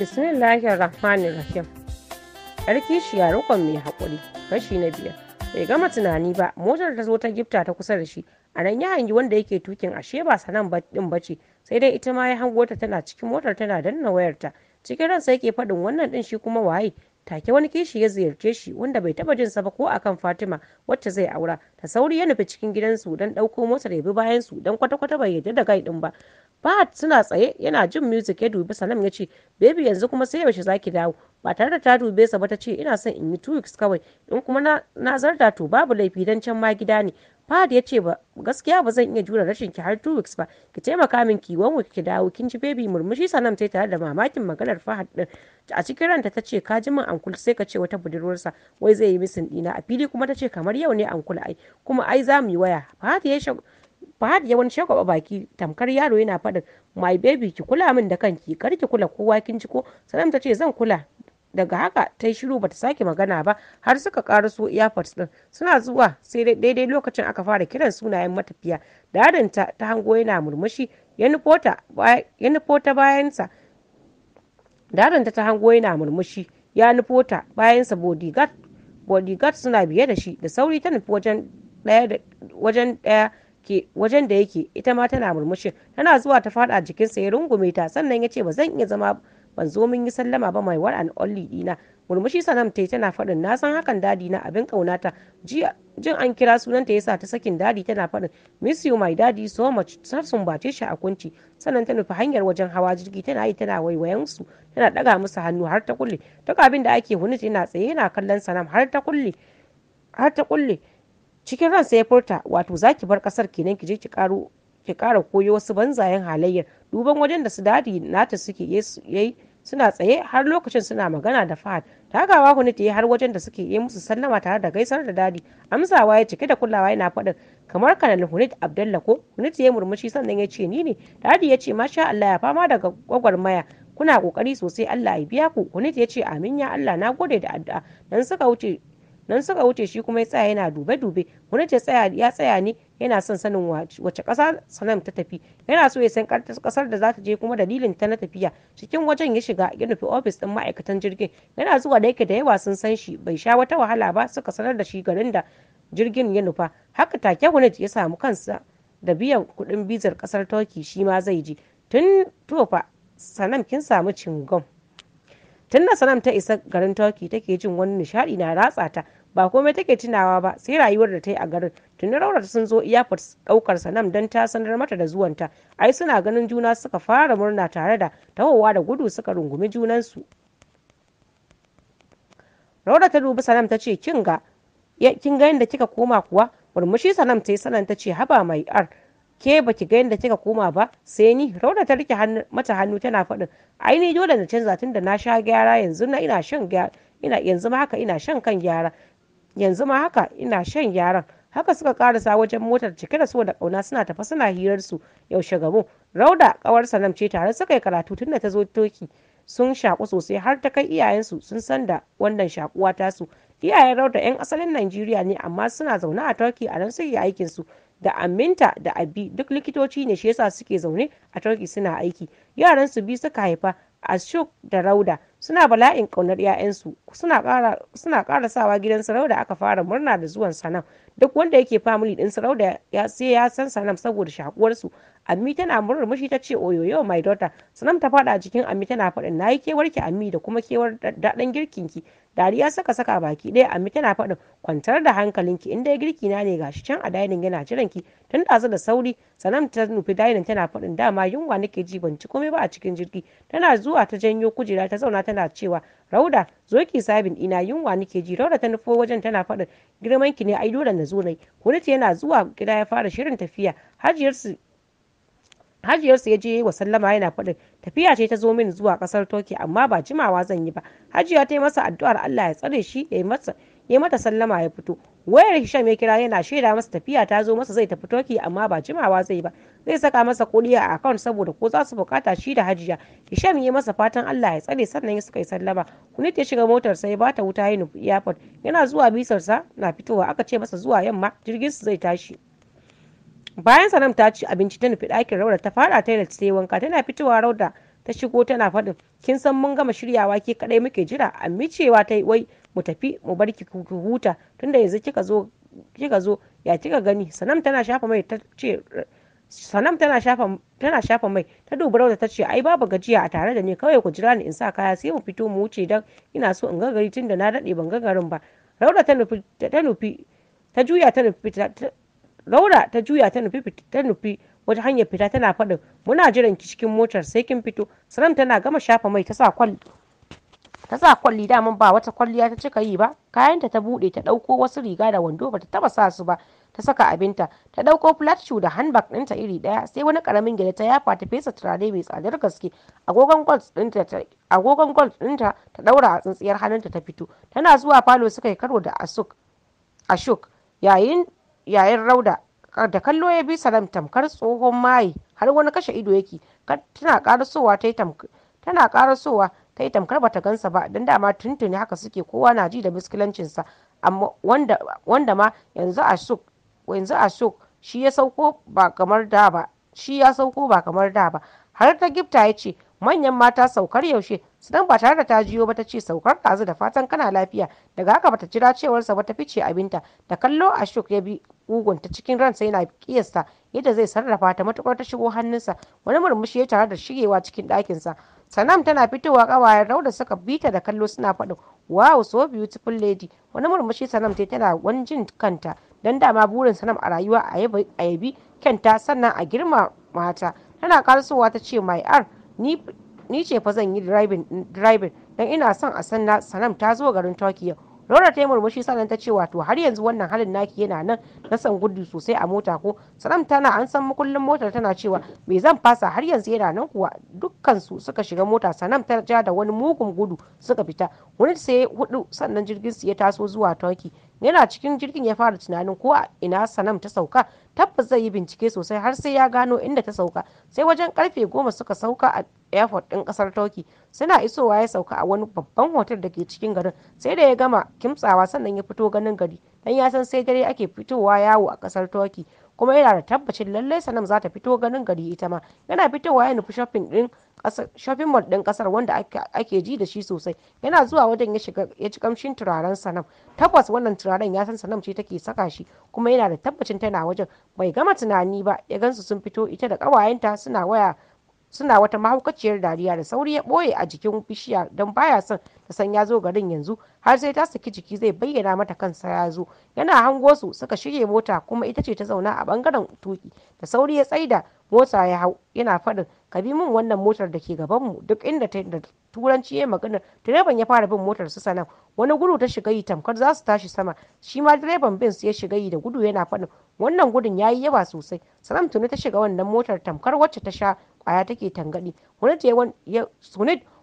bismillahir rahmanir rahim yar kishiya rikon mai haƙuri kashi na biyar bai gama tunani ba motar ta zo ta gifta ta kusa da shi a nan ya hangi wanda yake tukin ashe ba sanan din ce sai dai ita ma ya hango ta tana cikin motar tana danna wayarta cikin ransa yake faɗin wannan din shi kuma waye take wani kishi ya ziyarce shi wanda bai taba sa ba ko akan Fatima wacce zai aura ta sauri ya nufi cikin gidansu don ɗauko motar ya bi bayan su don kwata-kwata bai yarda da gai din ba Fahad suna tsaye yana jin music ya dubi Sanam ya ce baby yanzu kuma sai yaushe za ki dawo ba tare da ta dube sa ba ta ce ina son in yi two weeks kawai in kuma na, zarda to babu laifi dan can ma gida ne Fahad ya ce ba gaskiya ba zan iya jure rashin ki har two weeks ba ki taimaka min ki wan ki dawo kin ji baby murmushi Sanam tai tare da mamakin maganar Fahad din a cikin ranta ta ce ka ji min ankul sai ka ce wata budurwarsa wai zai yi misin dina a fili kuma ta ce kamar yau ne ankul ai kuma ai za mu yi waya Fahad ya Fahad ya wani shagwaba baki tamkar yaro yana faɗin my baby ki kula min da kanki kar ki kula kowa kin ji ko Salam ta ce zan kula daga haka ta yi shiru bata sake magana ba har suka karaso airport din suna zuwa sai daidai lokacin aka fara kiran sunayen matafiya dadinta ta hango yana murmushi ya nufo ta bayansa dadinta ta hango yana murmushi ya nufo ta bayansa bodyguard bodyguard suna biye da shi da sauri ta nufi wajen daya ke wajen da yake ita ma tana murmushin tana zuwa ta faɗa jikinsa ya rungume ta sannan ya ce ba zan iya zama ban zo mun yi sallama ba mai war an only dina murmushi sanam ta tana faɗin na san hakan dadi na abin ta jin an kira sunanta yasa ta sakin dadi tana faɗin miss you my daddy so much sun bace shi a kunci sannan ta nufi hanyar wajen hawa jirgi tana yi tana waiwayen su tana daga musu hannu har ta kulle duk abin da ake hunita yana tsaye yana kallon sanam har ta kulle har ta kulle cikin ransa ya furta wato za ki bar kasar kenan ki je ki karo ki kara koyo wasu banzayen halayyar duban wajen da su dadi nata suke yayi suna tsaye har lokacin suna magana da fahad tagawa ku ta yi har wajen da suke yi musu sallama tare da gaisar da dadi amsawa ya cike da kulawa yana faɗin kamar kanal hunit abdalla ko hunit ya murmushi sannan ya ce ni ne dadi ya ce masha allah ya fama daga gwagwarmaya kuna kokari sosai allah ya biya ku hunit ya ce amin ya allah na gode da addu'a dan suka wuce nan suka wuce shi kuma ya tsaya yana dube-dube tsaya ya tsaya ne yana son sanin wace kasa sanam ta tafi yana so ya san kasar da za ta je kuma dalilin ta na tafiya cikin wajen ya shiga ya nufi ofis ɗin ma'aikatan jirgin yana zuwa da yake da yawa sun san shi bai sha wata wahala ba suka sanar da shi garin da jirgin ya nufa haka take wani ya samu kansa da biyan kuɗin bizar kasar Toki, shi ma zai je tun tofa sanam kin samu cingom tun da sanam ta isa garin Toki take jin wani nishaɗi na ratsa ta ba komai take tunawa ba sai rayuwar da ta yi a garin tuni raurata sun zo iyafat daukar sanam don ta sanar mata da zuwanta ai suna ganin juna suka fara murna tare da tahowa da gudu suka rungumi junansu raurata ta dubi sanam ta ce kin ga kin ga yadda kika koma kuwa murmushi sanam ta yi sanan ta ce haba mai ar ke baki ga yadda kika koma ba sai ni rauna ta rike mata hannu tana faɗin ai ni dole na canza tun da na sha gyara yanzu na ina shan gyara ina yanzu ma haka ina shan kan gyara yanzu ma haka ina shan yaran haka suka karasa wajen motar cike da so da kauna suna tafa suna hirar su yaushe gabo rauda kawar sanam ce tare suka yi karatu da ta zo toki sun shaku sosai har ta kai iyayensu sun san da wannan shakuwa su. iyayen rauda yan asalin najeriya ne amma suna zaune a toki a nan suke aikin su da aminta da abi duk likitoci ne shi yasa suke zaune a toki suna aiki yaran su bi suka haifa ashok da rauda suna bala'in ƙaunar 'ya'yansu suna ƙara sawa gidan sarauda aka fara murna da zuwan sanam duk wanda yake famili ɗin sarauda ya sai ya san sanam saboda shakuwarsu ammi tana murmushi ta ce oyoyo mai daughter sanam ta faɗa jikin ammi tana faɗin nayi kewar ki ammi da kuma kewar daɗin girkin ki dariya saka saka baki ɗaya ammi tana faɗin kwantar da hankalinki in dai girki na ne gashi can a dainin yana jiran ki tun ɗazu da sauri sanam ta nufi dainin tana faɗin dama yunwa nake ji ban ci komai ba a cikin jirgi tana zuwa ta janyo kujera ta zauna ta tana cewa Rauda zo ki sabin ina yunwa nake ji Rauda ta nufo wajen tana faɗin girman ki ne ai dole na zo nai Hulatu yana zuwa gida ya fara shirin tafiya hajiyarsu ya je wa sallama yana faɗin tafiya ce ta zo min zuwa ƙasar toki amma ba jimawa zan yi ba. Hajiya ta yi masa addu'ar Allah ya tsare shi ya yi masa ya mata sallama ya fito wayar hisham ya kira yana shaida masa tafiya ta zo masa zai tafi toki amma ba jimawa zai ba zai saka masa kuɗi a akaunt saboda ko za su bukata shi da hajiya hisham ya masa fatan allah ya tsare sannan ya suka yi sallama kunit ya shiga motar sai ba ta wuta ya nufi airport yana zuwa bisarsa na fitowa aka ce masa zuwa yamma jirgin su zai tashi bayan sanam ta ci abinci ta nufi ɗakin rauda ta fara toilet sai wanka tana fitowa rauda ta shigo tana faɗin kin san mun gama shiryawa ke kaɗai muke jira amincewa ta yi wai mu tafi mu bar ki huta tunda yanzu kika zo kika zo ya kika gani sanam tana shafa mai ta ce sanam tana shafa tana shafa mai ta dubi rauda ta ce ai babu gajiya a tare da ni kawai ku jira ni in sa kaya sai mu fito mu wuce dan ina so in ga tunda na dade ban ga ba rauda ta nufi ta nufi ta juya ta nufi Laura ta juya ta nufi ta nufi wata hanyar fita tana faɗin muna jiran ki cikin motar sai kin fito sanam tana gama shafa mai ta sa kwal ta sa kwalli daman ba wata kwalliya ta cika yi ba kayanta ta bude ta dauko wasu riga da wando bata taba sa su ba ta saka abinta ta dauko flat shoe da handbag ɗinta iri daya sai wani karamin gida ta yafa ta fesa turare mai tsadar gaske agogon gold ɗinta ta agogon ɗaura a tsintsiyar hannunta ta fito tana zuwa falo suka yi karo da asuk ashuk yayin yayin rauda da kallo ya bi salam tamkar tsohon maye har wani kashe ido yake tana karasowa ta yi tana karasowa ta tamkar tamkar bata gansa ba don dama tuntuni haka suke kowa na ji da miskilancinsa amma wanda, ma yanzu a shuk yanzu a shuk shi ya sauko ba kamar da ba shi ya sauko ba kamar da ba har ta gifta ya ce manyan mata saukar yaushe sudan ba tare da ta jiyo ba ta ce saukar ƙazu da fatan kana lafiya daga haka bata jira cewarsa ba ta fice abinta da kallo a shuk ya bi ta cikin ransa yana kiyasta yadda zai sarrafa ta matukar ta shigo hannunsa wani murmushi ya tare da shigewa cikin ɗakinsa sanam tana fitowa kawayen da suka bita da kallo suna faɗin wow so beautiful lady wani murmushi sanam ta tana wani kanta don dama burin sanam a rayuwa a yabi kyanta sannan a girma mata tana karasowa ta ce my r ni ce fa zan yi driving don ina son a sanna sanam ta zo garin tokyo Laura ta yi murmushi sannan ta ce wato har yanzu wannan halin naki yana nan na san gudu sosai a mota ko sanam tana an san makullin motar tana cewa me zan fasa har yanzu yana nan kuwa dukkan su suka shiga mota Sanam ta ja da wani mugun gudu suka fita wani sai hudu sannan jirgin su ya taso zuwa Turkey yana cikin jirgin ya fara tunanin ko a ina sanam ta sauka tabbas zai yi bincike sosai har sai ya gano inda ta sauka sai wajen karfe goma suka sauka a airport din kasar turkey suna isowa ya sauka a wani babban hotel da ke cikin garin sai da ya gama kimtsawa sannan ya fito ganin gari dan ya san sai dare ake fitowa yawo a kasar turkey kuma yana da tabbacin lallai sanam za ta fito ganin gari ita ma yana fitowa yana nufi shopping din shopping mall din kasar wanda ake ji da shi sosai yana zuwa wajen ya ci kamshin turaren sanam tabbas wannan turaren ya san sanam ce take saka shi kuma yana da tabbacin tana wajen bai gama tunani ba ya gansu sun fito ita da kawayenta suna waya suna wata mahaukaciyar dariya da sauri ya ɓoye a jikin bishiya don baya son ta san ya zo garin yanzu har sai ta saki jiki zai bayyana mata kansa ya zo yana hango su suka shige mota kuma ita ce ta zauna a bangaren tuki da sauri ya tsaida mota ya hau yana faɗin ka bi min wannan motar da ke gabanmu duk inda ta da turanci ya magana direban ya fara bin motar su sanan wani gudu ta shiga yi tamkar za su tashi sama shi ma direban bin ya shiga yi da gudu yana faɗin wannan gudun ya yi yawa sosai sanan tuni ta shiga wannan motar tamkar wacce ta sha kwaya take tangaɗi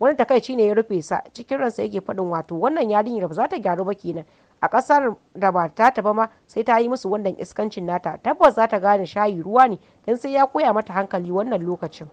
wani takaici ne ya rufe sa cikin ransa yake faɗin wato wannan yarinyar ba za ta gyaru ba kenan a kasar da ba ta taba ma sai ta yi musu wannan iskancin nata tabbas za ta gane shayi ruwa ne don sai ya koya mata hankali wannan lokacin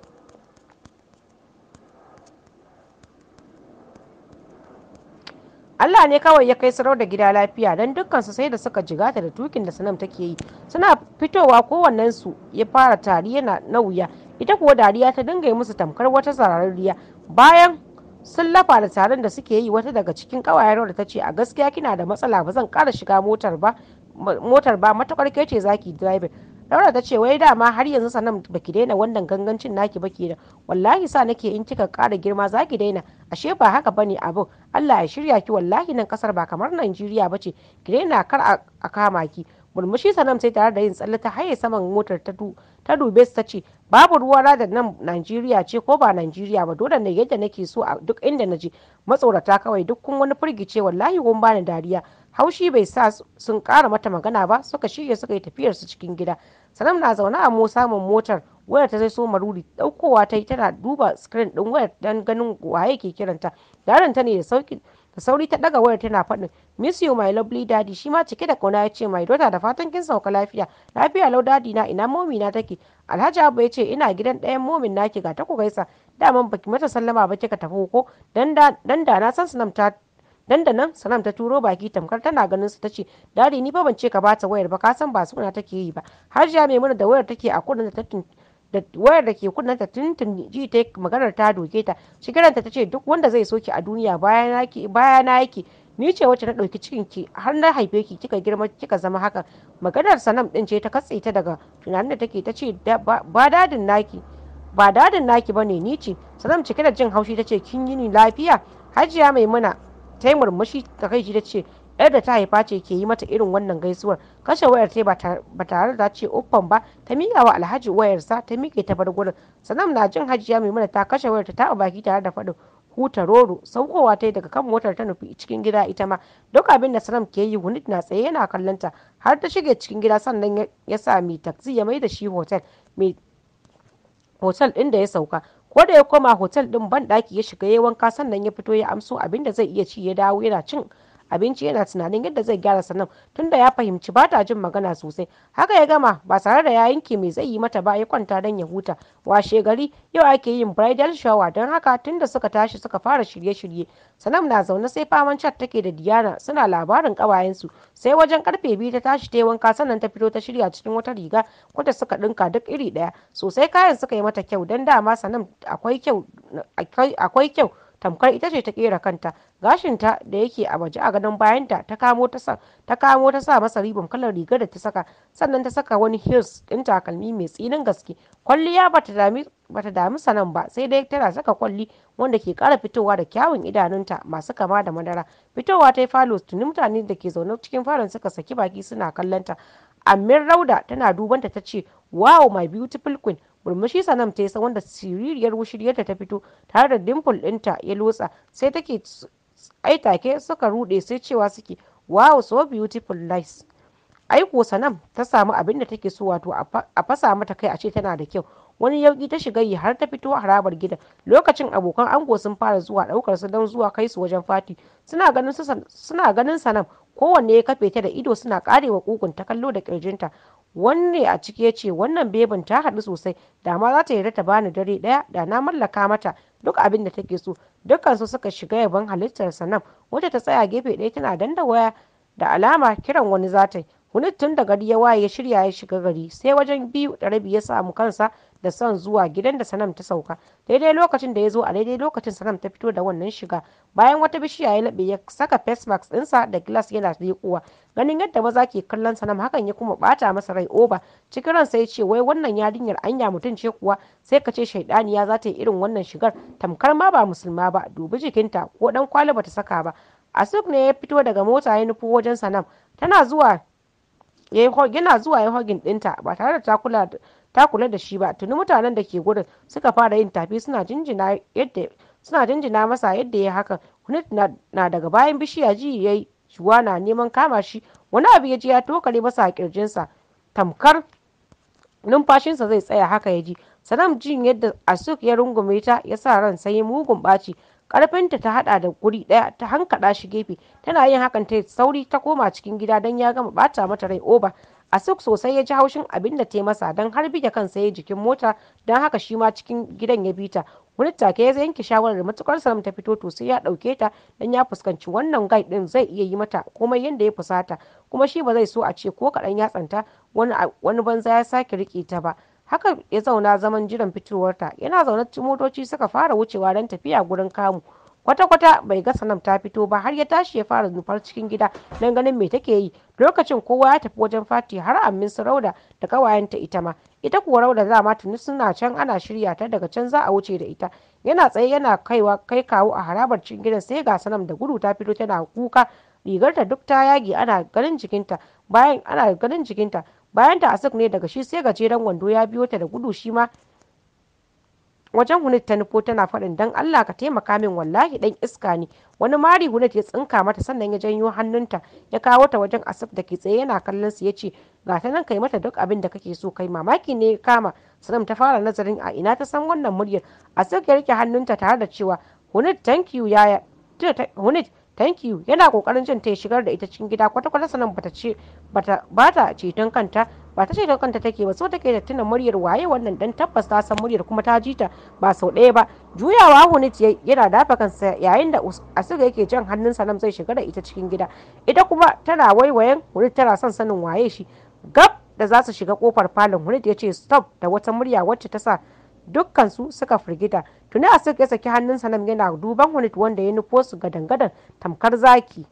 Allah ne kawai ya kai sarau da gida lafiya don dukkansu sai da suka jigata da tukin da sanam take yi suna fitowa kowannensu ya fara tari na wuya ita kuwa dariya ta dinga yi musu tamkar wata zararriya bayan sun lafa da taron da suke yi wata daga cikin kawayen da ta ce a gaskiya kina da matsala ba zan ƙara shiga motar ba motar ba matakar ke ce zaki driver Laura ta ce wai dama har yanzu sanan baki daina wannan gangancin naki baki da wallahi sa nake in kika kara girma zaki daina ashe ba haka bane abu. Allah ya shirya ki wallahi nan kasar ba kamar Najeriya bace ki daina kar a kama ki murmushi sanam sai tare da yin tsalle ta haye saman motar ta dube su ta babu ruwa da nan najeriya ce ko ba najeriya ba dole ne yadda nake so a duk inda na je matsorata kawai duk kun wani firgice wallahi kun bani dariya haushi bai sa sun kara mata magana ba suka shirya suka yi tafiyar su cikin gida sanam na zaune a mu samun motar wayar ta sai so maruri daukowa ta yi tana duba screen din wayar dan ganin waye ke kiranta yaron ta ne da sauki da sauri ta daga wayar tana faɗin miss you my lovely daddy shi ma cike da kauna ya ce mai dota da fatan kin sauka lafiya lafiya lau daddy na ina momi na take alhaji abu ya ce ina gidan ɗayan momin naki ga ta ku gaisa daman baki mata sallama ba kika tafi ko dan da na san sanam ta dan da nan sanam ta turo baki tamkar tana ganin su tace dadi ni fa ban ce ka bata wayar ba ka san ba suna take yi ba hajiya mai mana da wayar take a kudin da ta da wayar da ke kunnanta tuntun ji ta maganar ta doke ta shigiranta ta ce duk wanda zai soki a duniya na yake ni ce wacce na ɗauki cikin ki har na haife ki kika girma kika zama haka maganar sanam din ce ta katse ta daga tunanin da take ta ce ba dadin naki ba dadin naki bane ni ce sanam cike da jin haushi ta ce kin yi ni lafiya hajiya maimuna ta yi murmushi ta kai ji ta ce yar da ta haifa ce ke yi mata irin wannan gaisuwar kashe wayar ta ba tare da ce uffan ba ta miƙa wa alhaji wayarsa ta miƙe ta bar gurin sanam na jin hajiya mana ta kashe wayar ta ta baki tare da faɗin huta roro saukowa ta yi daga kan motar ta nufi cikin gida ita ma duk abin da sanam ke yi wani na tsaye yana kallon ta har ta shige cikin gida sannan ya sami taxi ya mai da shi hotel mai hotel ɗin da ya sauka ko da ya koma hotel ɗin ban ɗaki ya shiga yayi wanka sannan ya fito ya amso abin da zai iya ci ya dawo yana cin abinci yana tunanin yadda zai gyara sanam tunda ya fahimci ba ta jin magana sosai haka ya gama ba tare da ya yanke mai zai yi mata ba ya kwanta don ya huta washe gari yau ake yin bridal shower don haka tunda suka tashi suka fara shirye-shirye sanam na zaune sai faman chat take da diana suna labarin kawayensu sai wajen karfe biyu ta tashi ta yi wanka sannan ta fito ta shirya cikin wata riga wadda suka dinka duk iri daya sosai kayan suka yi mata kyau don dama sanam akwai kyau akwai kyau tamkar ita ce ta kera kanta gashinta da yake a waje a gadon bayanta ta kamo ta sa ta kamo ta sa masa ribon kalar rigar da ta saka sannan ta saka wani heels din takalmi mai tsinin gaske kwalliya bata dami bata dami sanan ba sai dai tana saka kwalli wanda ke kara fitowa da kyawun idanunta masu kama da madara fitowa ta yi falo tuni mutanen da ke zaune cikin falon suka saki baki suna kallonta amin rauda tana dubanta ta ce wow my beautiful queen murmushi sanam ta yi tsawon da siririyar wushiryarta ta fito tare da dimple ɗinta ya lotsa sai take ai suka rude sai cewa suke wow so beautiful lies aiko sanam ta samu abin da take so wato a fasa mata kai a ce tana da kyau wani yauki ta shiga yi har ta fito harabar gida. lokacin abokan ango sun fara zuwa daukar su don zuwa kai su wajen fati suna ganin sanam kowanne ya kafe ta da ido suna karewa kugun ta kallo da kirjinta wanne a ciki ya ce wannan bebin ta haɗu sosai da ma za ta yarda ta bani dare ɗaya da na mallaka mata duk abin da take so su suka shiga yaban halittar sanam wacce ta tsaya gefe ɗaya tana danda waya da alama kiran wani za yi Hunit tun da gari ya waye ya shirya ya shiga gari sai wajen biyu da rabi ya samu kansa da son zuwa gidan da Sanam ta sauka. Daidai lokacin da ya zo a daidai lokacin Sanam ta fito da wannan shiga bayan wata bishiya ya laɓe ya saka face mask ɗinsa da glass yana kuwa Ganin yadda maza ke kallon Sanam hakan ya kuma bata masa rai oba cikin ransa ya ce wai wannan yarinyar anya mutum ce kuwa sai ka ce shaidaniya za ta yi irin wannan shigar tamkar ma ba musulma ba dubi jikinta ko dan kwali bata saka ba. Asuk ne ya fito daga mota ya nufi wajen Sanam tana zuwa yana zuwa ya hogin ɗinta ba tare da ta kula da shi ba tuni mutanen da ke gudun suka fara yin tafi suna jinjina masa yadda ya haka kunit na daga bayan bishiya ji yayi shuwa na neman kama shi wani abu ya ji ya tokare masa a kirjinsa tamkar numfashinsa zai tsaya haka ya ji sanam jin yadda asuk ya rungume ta ya sa ran sai mugun ɓaci karfinta ta hada da guri daya ta hankada shi gefe tana yin hakan ta sauri ta koma cikin gida don ya gama bata mata rai oba a suk sosai ya ji haushin abin da ta masa don har bige kansa ya jikin mota don haka shi ma cikin gidan ya bita wani take ya yanke shawarar matukar salam ta fito to sai ya dauke ta don ya fuskanci wannan gai din zai iya yi mata komai yadda ya fusata kuma shi ba zai so a ce ko kadan ya tsanta wani banza ya sake rike ta ba haka ya zauna zaman jiran fitowarta yana zaune motoci suka fara wucewa don tafiya gurin kamu kwata-kwata bai ga sanam ta fito ba har ya tashi ya fara nufar cikin gida don ganin me take yi lokacin kowa ya tafi wajen fati har amin su rauda da kawayenta ita ma ita kuwa rauda dama tuni suna can ana shirya ta daga can za a wuce da ita yana tsaye yana kaiwa kai kawo a harabar cikin gidan sai ga sanam da gudu ta fito tana kuka rigarta duk ta yage ana ganin jikinta bayan ana ganin jikinta bayan ta asik ne daga shi sai gajeren wando ya biyo ta da gudu shi ma wajen hunit ta nufo tana faɗin dan Allah ka taimaka min wallahi dan iska ne wani mari hunit ya tsinka mata sannan ya janyo hannunta ya kawo ta wajen asif da ke tsaye yana kallon su yace ga ta nan kai mata duk abin da kake so kai mamaki ne kama sanam ta fara nazarin a ina ta san wannan muryar asif ya rike hannunta tare da cewa hunit thank you yaya hunit thank you yana kokarin jin ta shigar da ita cikin gida kwata kwata sanan bata ce bata ceton kanta ba ta ceton kanta take ba so take da tuna muryar waye wannan dan tabbas ta san muryar kuma ta ji ta ba sau ɗaya ba juyawa hunit yana dafa kansa yayin da asiga yake jan hannun sanan zai shiga da ita cikin gida ita kuma tana waiwayen hunit tana son sanin waye shi gab da za su shiga kofar falon hunit ya ce stop da wata murya wacce ta sa dukkansu suka firgita tuni a ya saki hannunsa nan yana duban wani wanda ya nufo su gadan-gadan tamkar zaki